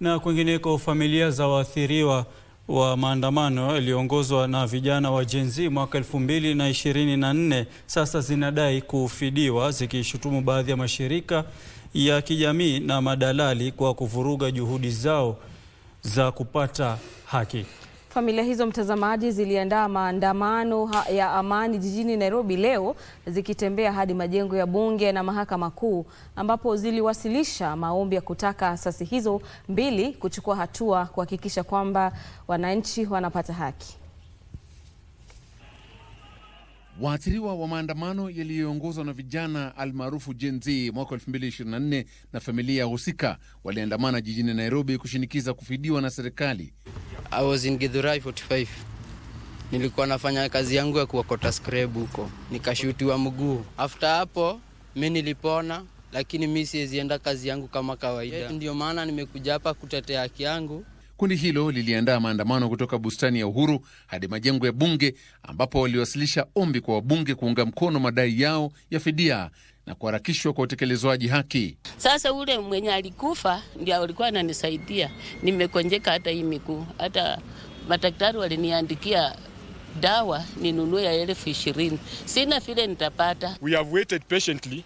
Na kwingineko, familia za waathiriwa wa maandamano yaliyoongozwa na vijana wa Gen Z mwaka 2024 sasa zinadai kufidiwa, zikishutumu baadhi ya mashirika ya kijamii na madalali kwa kuvuruga juhudi zao za kupata haki. Familia hizo mtazamaji, ziliandaa maandamano ya amani jijini Nairobi leo zikitembea hadi majengo ya bunge na mahakama kuu ambapo ziliwasilisha maombi ya kutaka asasi hizo mbili kuchukua hatua kuhakikisha kwamba wananchi wanapata haki. Waathiriwa wa maandamano yaliyoongozwa na vijana almaarufu Gen Z mwaka 2024 na familia ya husika waliandamana jijini Nairobi kushinikiza kufidiwa na serikali. I was in Githurai 45. Nilikuwa nafanya kazi yangu ya kuokota scrap huko, nikashutiwa mguu. After hapo mi nilipona, lakini mi siwezienda kazi yangu kama kawaida. Ndio maana nimekuja hapa kutetea haki yangu. Kundi hilo liliandaa maandamano kutoka bustani ya Uhuru hadi majengo ya Bunge, ambapo waliwasilisha ombi kwa wabunge kuunga mkono madai yao ya fidia na kuharakishwa kwa utekelezwaji haki. Sasa ule mwenye alikufa ndio alikuwa ananisaidia, nimekonjeka hata hii miguu, hata madaktari waliniandikia dawa ninunue ya elfu ishirini. Sina vile nitapata. We have waited patiently,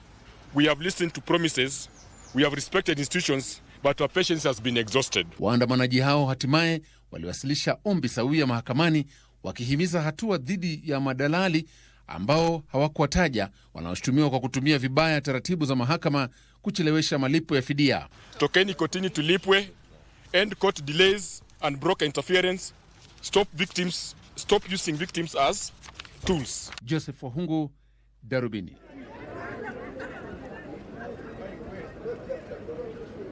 we have listened to promises, we have respected institutions but our patience has been exhausted. Waandamanaji hao hatimaye waliwasilisha ombi sawia mahakamani wakihimiza hatua dhidi ya madalali ambao hawakuwataja wanaoshutumiwa kwa kutumia vibaya taratibu za mahakama kuchelewesha malipo ya fidia. Tokeni kotini tulipwe. End court delays and broker interference. Stop victims, stop using victims as tools. Joseph Wahungu, Darubini.